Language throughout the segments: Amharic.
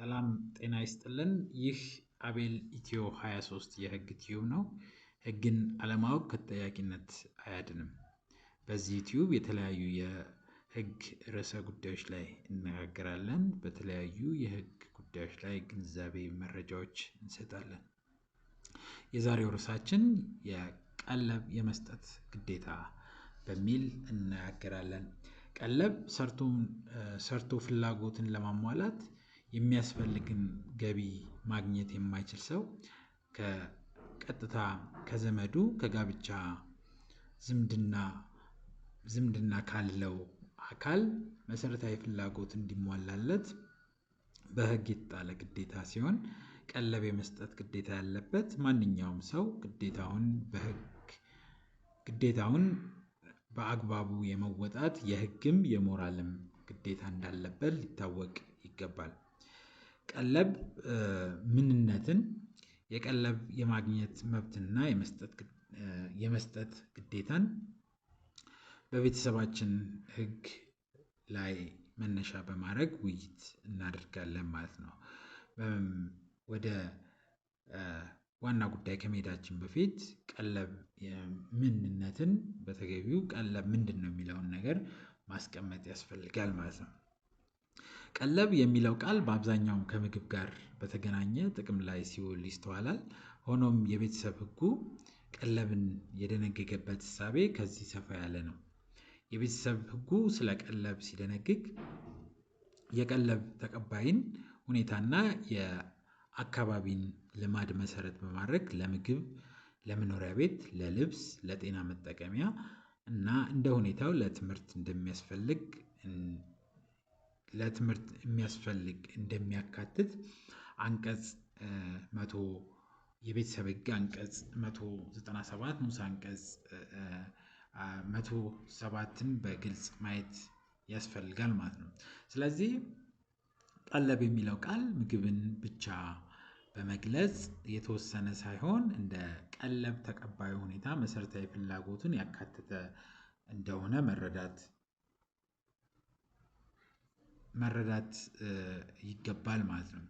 ሰላም ጤና ይስጥልን። ይህ አቤል ኢትዮ 23 የህግ ቲዩብ ነው። ህግን አለማወቅ ከተጠያቂነት አያድንም። በዚህ ቲዩብ የተለያዩ የህግ ርዕሰ ጉዳዮች ላይ እነጋገራለን። በተለያዩ የህግ ጉዳዮች ላይ ግንዛቤ መረጃዎች እንሰጣለን። የዛሬው ርዕሳችን የቀለብ የመስጠት ግዴታ በሚል እናገራለን። ቀለብ ሰርቶ ፍላጎትን ለማሟላት የሚያስፈልግን ገቢ ማግኘት የማይችል ሰው ከቀጥታ ከዘመዱ ከጋብቻ ዝምድና ዝምድና ካለው አካል መሰረታዊ ፍላጎት እንዲሟላለት በህግ የተጣለ ግዴታ ሲሆን ቀለብ የመስጠት ግዴታ ያለበት ማንኛውም ሰው ግዴታውን በህግ ግዴታውን በአግባቡ የመወጣት የህግም የሞራልም ግዴታ እንዳለበት ሊታወቅ ይገባል ቀለብ ምንነትን የቀለብ የማግኘት መብትና የመስጠት ግዴታን በቤተሰባችን ህግ ላይ መነሻ በማድረግ ውይይት እናደርጋለን ማለት ነው። ወደ ዋና ጉዳይ ከመሄዳችን በፊት ቀለብ ምንነትን በተገቢው ቀለብ ምንድነው የሚለውን ነገር ማስቀመጥ ያስፈልጋል ማለት ነው ቀለብ የሚለው ቃል በአብዛኛው ከምግብ ጋር በተገናኘ ጥቅም ላይ ሲውል ይስተዋላል። ሆኖም የቤተሰብ ሕጉ ቀለብን የደነገገበት እሳቤ ከዚህ ሰፋ ያለ ነው። የቤተሰብ ሕጉ ስለ ቀለብ ሲደነግግ የቀለብ ተቀባይን ሁኔታና የአካባቢን ልማድ መሰረት በማድረግ ለምግብ፣ ለመኖሪያ ቤት፣ ለልብስ፣ ለጤና መጠቀሚያ እና እንደ ሁኔታው ለትምህርት እንደሚያስፈልግ ለትምህርት የሚያስፈልግ እንደሚያካትት አንቀጽ መቶ የቤተሰብ ህግ አንቀጽ 197 ንዑስ አንቀጽ መቶ ን በግልጽ ማየት ያስፈልጋል ማለት ነው። ስለዚህ ጠለብ የሚለው ቃል ምግብን ብቻ በመግለጽ የተወሰነ ሳይሆን እንደ ቀለብ ተቀባዩ ሁኔታ መሰረታዊ ፍላጎቱን ያካተተ እንደሆነ መረዳት መረዳት ይገባል ማለት ነው።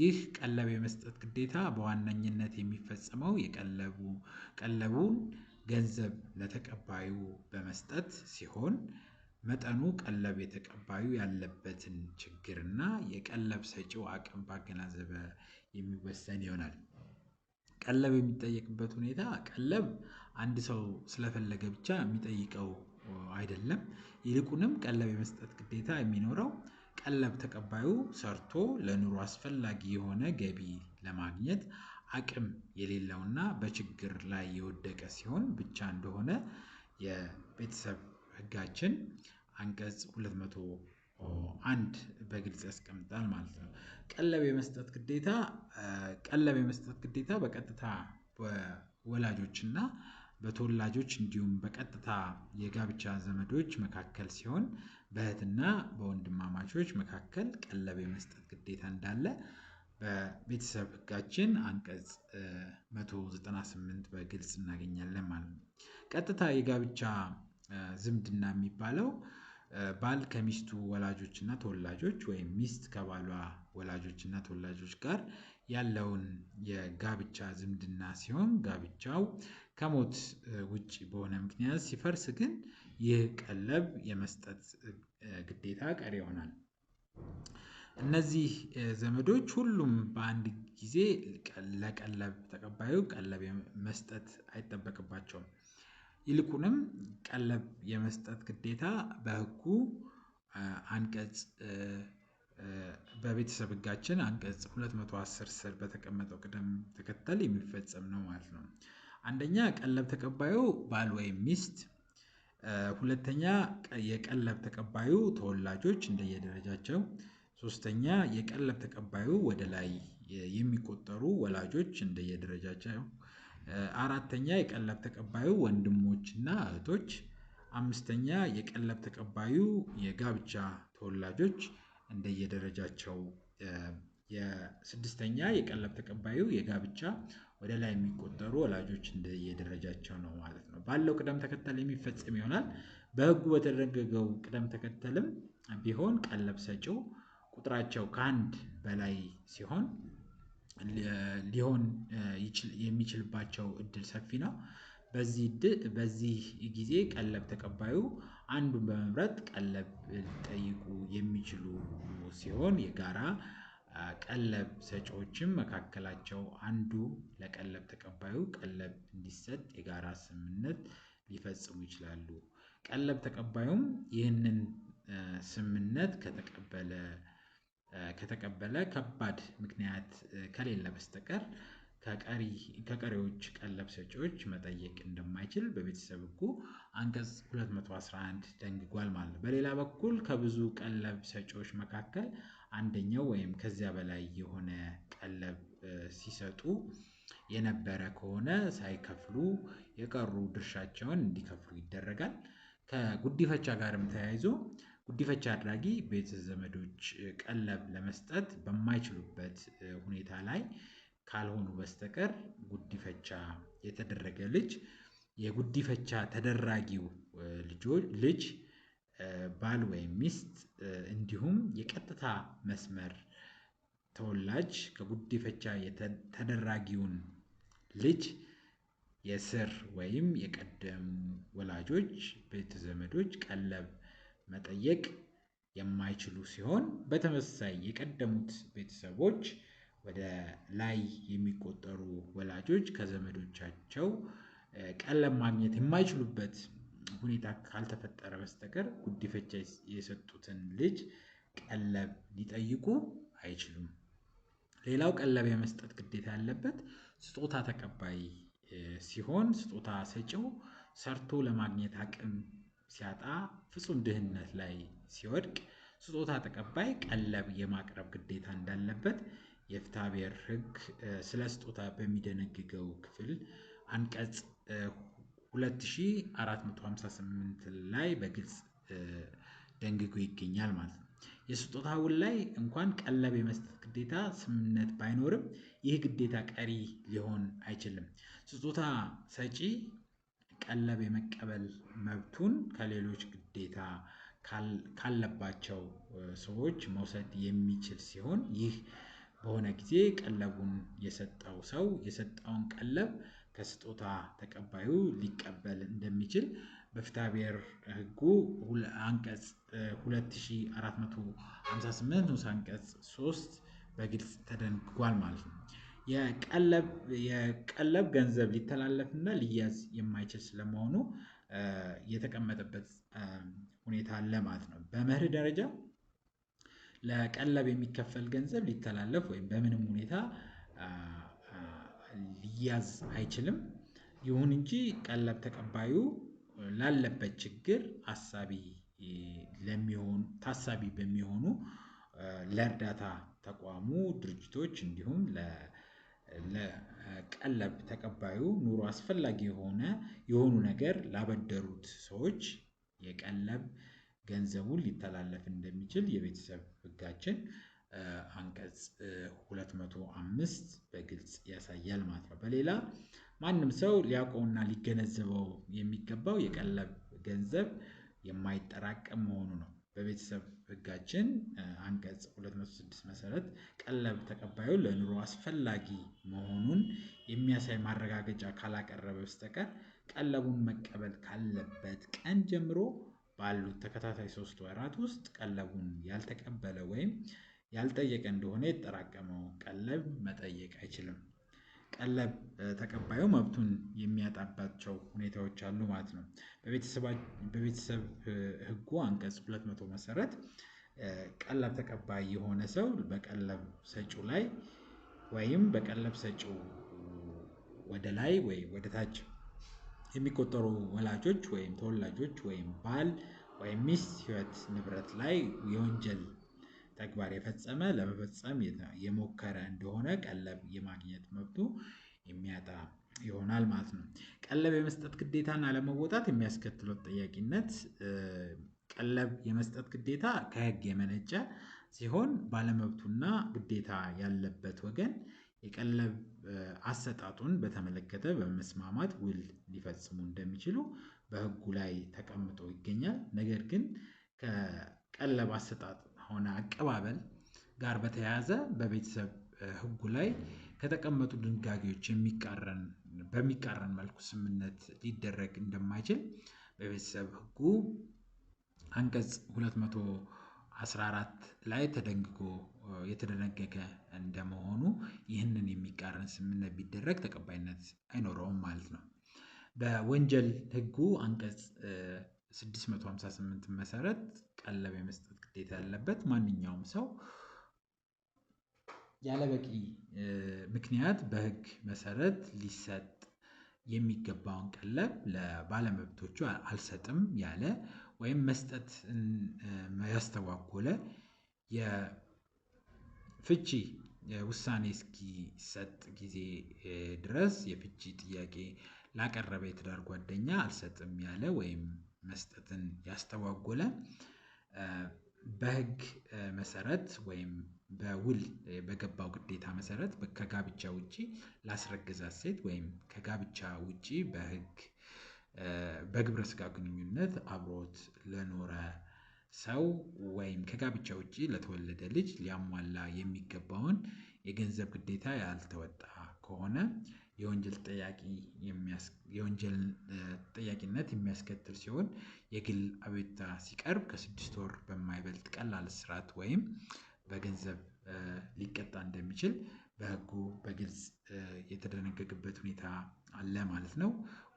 ይህ ቀለብ የመስጠት ግዴታ በዋነኝነት የሚፈጸመው የቀለቡ ቀለቡን ገንዘብ ለተቀባዩ በመስጠት ሲሆን መጠኑ ቀለብ የተቀባዩ ያለበትን ችግርና የቀለብ ሰጪው አቅም ባገናዘበ የሚወሰን ይሆናል። ቀለብ የሚጠየቅበት ሁኔታ ቀለብ አንድ ሰው ስለፈለገ ብቻ የሚጠይቀው አይደለም። ይልቁንም ቀለብ የመስጠት ግዴታ የሚኖረው ቀለብ ተቀባዩ ሰርቶ ለኑሮ አስፈላጊ የሆነ ገቢ ለማግኘት አቅም የሌለውና በችግር ላይ የወደቀ ሲሆን ብቻ እንደሆነ የቤተሰብ ሕጋችን አንቀጽ 201 በግልጽ ያስቀምጣል ማለት ነው። ቀለብ የመስጠት ግዴታ ቀለብ የመስጠት ግዴታ በቀጥታ በወላጆችና በተወላጆች እንዲሁም በቀጥታ የጋብቻ ዘመዶች መካከል ሲሆን በእህትና በወንድማማቾች መካከል ቀለብ የመስጠት ግዴታ እንዳለ በቤተሰብ ሕጋችን አንቀጽ 198 በግልጽ እናገኛለን ማለት ነው። ቀጥታ የጋብቻ ዝምድና የሚባለው ባል ከሚስቱ ወላጆችና ተወላጆች ወይም ሚስት ከባሏ ወላጆችና ተወላጆች ጋር ያለውን የጋብቻ ዝምድና ሲሆን ጋብቻው ከሞት ውጭ በሆነ ምክንያት ሲፈርስ ግን ይህ ቀለብ የመስጠት ግዴታ ቀሪ ይሆናል። እነዚህ ዘመዶች ሁሉም በአንድ ጊዜ ለቀለብ ተቀባዩ ቀለብ መስጠት አይጠበቅባቸውም። ይልቁንም ቀለብ የመስጠት ግዴታ በሕጉ አንቀጽ በቤተሰብ ሕጋችን አንቀጽ 210 ስር በተቀመጠው ቅደም ተከተል የሚፈጸም ነው ማለት ነው። አንደኛ ቀለብ ተቀባዩ ባል ወይም ሚስት፣ ሁለተኛ የቀለብ ተቀባዩ ተወላጆች እንደየደረጃቸው፣ ሶስተኛ የቀለብ ተቀባዩ ወደ ላይ የሚቆጠሩ ወላጆች እንደየደረጃቸው፣ አራተኛ የቀለብ ተቀባዩ ወንድሞችና እህቶች፣ አምስተኛ የቀለብ ተቀባዩ የጋብቻ ተወላጆች እንደየደረጃቸው የስድስተኛ የቀለብ ተቀባዩ የጋብቻ ወደ ላይ የሚቆጠሩ ወላጆች እንደየደረጃቸው ነው ማለት ነው። ባለው ቅደም ተከተል የሚፈጸም ይሆናል። በህጉ በተደነገገው ቅደም ተከተልም ቢሆን ቀለብ ሰጪው ቁጥራቸው ከአንድ በላይ ሲሆን ሊሆን የሚችልባቸው እድል ሰፊ ነው። በዚህ ጊዜ ቀለብ ተቀባዩ አንዱን በመምረጥ ቀለብ ሊጠይቁ የሚችሉ ሲሆን የጋራ ቀለብ ሰጪዎችም መካከላቸው አንዱ ለቀለብ ተቀባዩ ቀለብ እንዲሰጥ የጋራ ስምምነት ሊፈጽሙ ይችላሉ። ቀለብ ተቀባዩም ይህንን ስምምነት ከተቀበለ ከተቀበለ ከባድ ምክንያት ከሌለ በስተቀር ከቀሪዎች ቀለብ ሰጪዎች መጠየቅ እንደማይችል በቤተሰብ ሕጉ አንቀጽ 211 ደንግጓል ማለት ነው። በሌላ በኩል ከብዙ ቀለብ ሰጪዎች መካከል አንደኛው ወይም ከዚያ በላይ የሆነ ቀለብ ሲሰጡ የነበረ ከሆነ ሳይከፍሉ የቀሩ ድርሻቸውን እንዲከፍሉ ይደረጋል። ከጉዲፈቻ ጋርም ተያይዞ ጉዲፈቻ አድራጊ ቤተ ዘመዶች ቀለብ ለመስጠት በማይችሉበት ሁኔታ ላይ ካልሆኑ በስተቀር ጉዲፈቻ የተደረገ ልጅ የጉዲፈቻ ተደራጊው ልጅ ባል ወይም ሚስት እንዲሁም የቀጥታ መስመር ተወላጅ ከጉዲፈቻ ተደራጊውን ልጅ የስር ወይም የቀደም ወላጆች ቤተ ዘመዶች ቀለብ መጠየቅ የማይችሉ ሲሆን በተመሳሳይ የቀደሙት ቤተሰቦች ወደ ላይ የሚቆጠሩ ወላጆች ከዘመዶቻቸው ቀለም ማግኘት የማይችሉበት ሁኔታ ካልተፈጠረ በስተቀር ጉዲፈቻ የሰጡትን ልጅ ቀለብ ሊጠይቁ አይችሉም። ሌላው ቀለብ የመስጠት ግዴታ ያለበት ስጦታ ተቀባይ ሲሆን ስጦታ ሰጪው ሰርቶ ለማግኘት አቅም ሲያጣ ፍጹም ድህነት ላይ ሲወድቅ ስጦታ ተቀባይ ቀለብ የማቅረብ ግዴታ እንዳለበት የፍትሐ ሕግ ስለ ስጦታ በሚደነግገው ክፍል አንቀጽ 2458 ላይ በግልጽ ደንግጎ ይገኛል ማለት ነው። የስጦታ ውል ላይ እንኳን ቀለብ የመስጠት ግዴታ ስምምነት ባይኖርም ይህ ግዴታ ቀሪ ሊሆን አይችልም። ስጦታ ሰጪ ቀለብ የመቀበል መብቱን ከሌሎች ግዴታ ካለባቸው ሰዎች መውሰድ የሚችል ሲሆን ይህ በሆነ ጊዜ ቀለቡን የሰጠው ሰው የሰጠውን ቀለብ ከስጦታ ተቀባዩ ሊቀበል እንደሚችል በፍትሐብሔር ሕጉ አንቀጽ 2458 ንዑስ አንቀጽ 3 በግልጽ ተደንግጓል ማለት ነው። የቀለብ ገንዘብ ሊተላለፍና ሊያዝ የማይችል ስለመሆኑ የተቀመጠበት ሁኔታ አለ ማለት ነው። በመርህ ደረጃ ለቀለብ የሚከፈል ገንዘብ ሊተላለፍ ወይም በምንም ሁኔታ ሊያዝ አይችልም። ይሁን እንጂ ቀለብ ተቀባዩ ላለበት ችግር አሳቢ ለሚሆኑ ታሳቢ በሚሆኑ ለእርዳታ ተቋሙ ድርጅቶች እንዲሁም ለቀለብ ተቀባዩ ኑሮ አስፈላጊ የሆነ የሆኑ ነገር ላበደሩት ሰዎች የቀለብ ገንዘቡ ሊተላለፍ እንደሚችል የቤተሰብ ህጋችን አንቀጽ 205 በግልጽ ያሳያል ማለት ነው። በሌላ ማንም ሰው ሊያውቀውና ሊገነዘበው የሚገባው የቀለብ ገንዘብ የማይጠራቀም መሆኑ ነው። በቤተሰብ ህጋችን አንቀጽ 206 መሰረት ቀለብ ተቀባዩ ለኑሮ አስፈላጊ መሆኑን የሚያሳይ ማረጋገጫ ካላቀረበ በስተቀር ቀለቡን መቀበል ካለበት ቀን ጀምሮ ባሉት ተከታታይ ሶስት ወራት ውስጥ ቀለቡን ያልተቀበለ ወይም ያልጠየቀ እንደሆነ የተጠራቀመው ቀለብ መጠየቅ አይችልም። ቀለብ ተቀባዩ መብቱን የሚያጣባቸው ሁኔታዎች አሉ ማለት ነው። በቤተሰብ ሕጉ አንቀጽ 200 መሰረት ቀለብ ተቀባይ የሆነ ሰው በቀለብ ሰጪው ላይ ወይም በቀለብ ሰጪው ወደ ላይ ወይ ወደ ታች የሚቆጠሩ ወላጆች ወይም ተወላጆች ወይም ባል ወይም ሚስት ህይወት ንብረት ላይ የወንጀል ተግባር የፈጸመ ለመፈጸም የሞከረ እንደሆነ ቀለብ የማግኘት መብቱ የሚያጣ ይሆናል ማለት ነው። ቀለብ የመስጠት ግዴታን አለመወጣት የሚያስከትለው ተጠያቂነት ቀለብ የመስጠት ግዴታ ከህግ የመነጨ ሲሆን ባለመብቱና ግዴታ ያለበት ወገን የቀለብ አሰጣጡን በተመለከተ በመስማማት ውል ሊፈጽሙ እንደሚችሉ በህጉ ላይ ተቀምጦ ይገኛል። ነገር ግን ከቀለብ አሰጣጥ ሆነ አቀባበል ጋር በተያያዘ በቤተሰብ ህጉ ላይ ከተቀመጡ ድንጋጌዎች በሚቃረን መልኩ ስምምነት ሊደረግ እንደማይችል በቤተሰብ ህጉ አንቀጽ 214 ላይ ተደንግጎ የተደነገገ እንደመሆኑ ይህንን የሚቃረን ስምምነት ቢደረግ ተቀባይነት አይኖረውም ማለት ነው። በወንጀል ህጉ አንቀጽ 658 መሰረት ቀለብ የመስጠት ግዴታ ያለበት ማንኛውም ሰው ያለበቂ ምክንያት በህግ መሰረት ሊሰጥ የሚገባውን ቀለብ ለባለመብቶቹ አልሰጥም ያለ ወይም መስጠት ያስተጓጎለ ፍቺ ውሳኔ እስኪሰጥ ጊዜ ድረስ የፍቺ ጥያቄ ላቀረበ የትዳር ጓደኛ አልሰጥም ያለ ወይም መስጠትን ያስተጓጎለ በህግ መሰረት ወይም በውል በገባው ግዴታ መሰረት ከጋብቻ ውጪ ላስረገዛት ሴት ወይም ከጋብቻ ውጪ በህግ በግብረ ስጋ ግንኙነት አብሮት ለኖረ ሰው ወይም ከጋብቻ ውጪ ለተወለደ ልጅ ሊያሟላ የሚገባውን የገንዘብ ግዴታ ያልተወጣ ከሆነ የወንጀል የወንጀል ተጠያቂነት የሚያስከትል ሲሆን የግል አቤቱታ ሲቀርብ ከስድስት ወር በማይበልጥ ቀላል እስራት ወይም በገንዘብ ሊቀጣ እንደሚችል በህጉ በግልጽ የተደነገገበት ሁኔታ አለ ማለት ነው።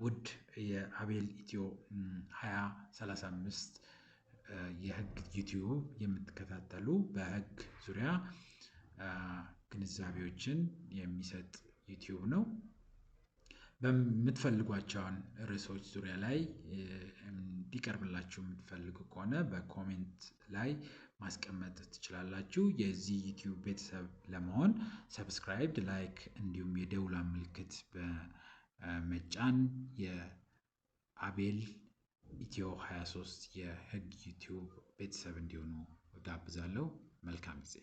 ውድ የአቤል ኢትዮ ሃያ የህግ ዩቲዩብ የምትከታተሉ በህግ ዙሪያ ግንዛቤዎችን የሚሰጥ ዩቲዩብ ነው። በምትፈልጓቸውን ርዕሶች ዙሪያ ላይ እንዲቀርብላችሁ የምትፈልጉ ከሆነ በኮሜንት ላይ ማስቀመጥ ትችላላችሁ። የዚህ ዩቲዩብ ቤተሰብ ለመሆን ሰብስክራይብ፣ ላይክ እንዲሁም የደውላ ምልክት በመጫን የአቤል ኢትዮ 23 የህግ ዩቲዩብ ቤተሰብ እንዲሆኑ ጋብዛለሁ። መልካም ጊዜ